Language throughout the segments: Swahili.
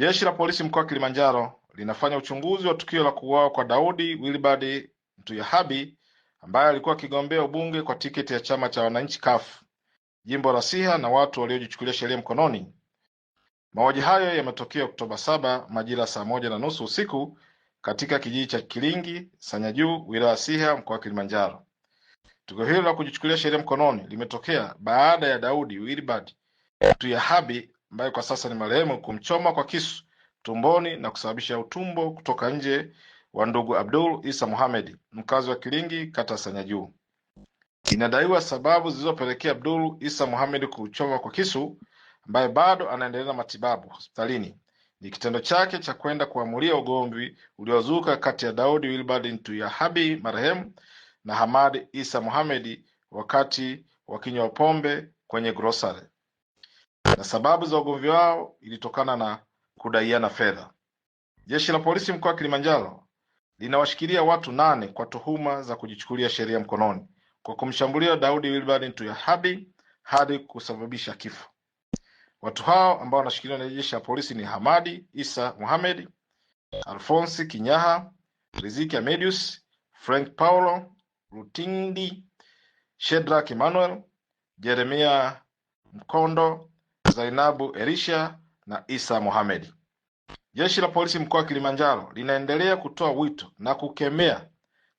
Jeshi la Polisi mkoa wa Kilimanjaro linafanya uchunguzi wa tukio la kuuawa kwa Daudi Wilbard Ntuyehabi ambaye alikuwa akigombea ubunge kwa tiketi ya chama cha wananchi CUF jimbo la Siha na watu waliojichukulia sheria mkononi. Mauaji hayo yametokea Oktoba saba majira saa moja na nusu usiku katika kijiji cha Kilingi Juu, wilaya Siha mkoa wa Kilimanjaro. Tukio hilo la kujichukulia sheria mkononi limetokea baada ya Daudi Wilbard Ntuyehabi ambaye kwa sasa ni marehemu kumchoma kwa kisu tumboni na kusababisha utumbo kutoka nje wa ndugu Abdul Isa Muhammad, mkazi wa Kilingi kata Sanya Juu. Inadaiwa sababu zilizopelekea Abdul Isa Muhammad kuchoma kwa kisu ambaye bado anaendelea na matibabu hospitalini ni kitendo chake cha kwenda kuamulia ugomvi uliozuka kati ya Daudi Wilbard Ntuyahabi marehemu na Hamad Isa Muhammad wakati wakinywa pombe kwenye grocery na sababu za ugomvi wao ilitokana na kudaiana fedha. Jeshi la polisi mkoa wa Kilimanjaro linawashikilia watu nane kwa tuhuma za kujichukulia sheria mkononi kwa kumshambulia Daudi Wilbard Ntuyahadi hadi kusababisha kifo. Watu hao ambao wanashikiliwa na jeshi la polisi ni Hamadi Isa Mohamed, Alfonsi Kinyaha, Riziki Amedius, Frank Paulo Rutindi, shedra Emmanuel, Jeremia Mkondo Zainabu Elisha na Isa Mohamed. Jeshi la Polisi mkoa wa Kilimanjaro linaendelea kutoa wito na kukemea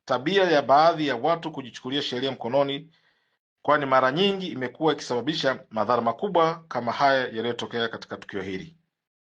tabia ya baadhi ya watu kujichukulia sheria mkononi, kwani mara nyingi imekuwa ikisababisha madhara makubwa kama haya yaliyotokea katika tukio hili.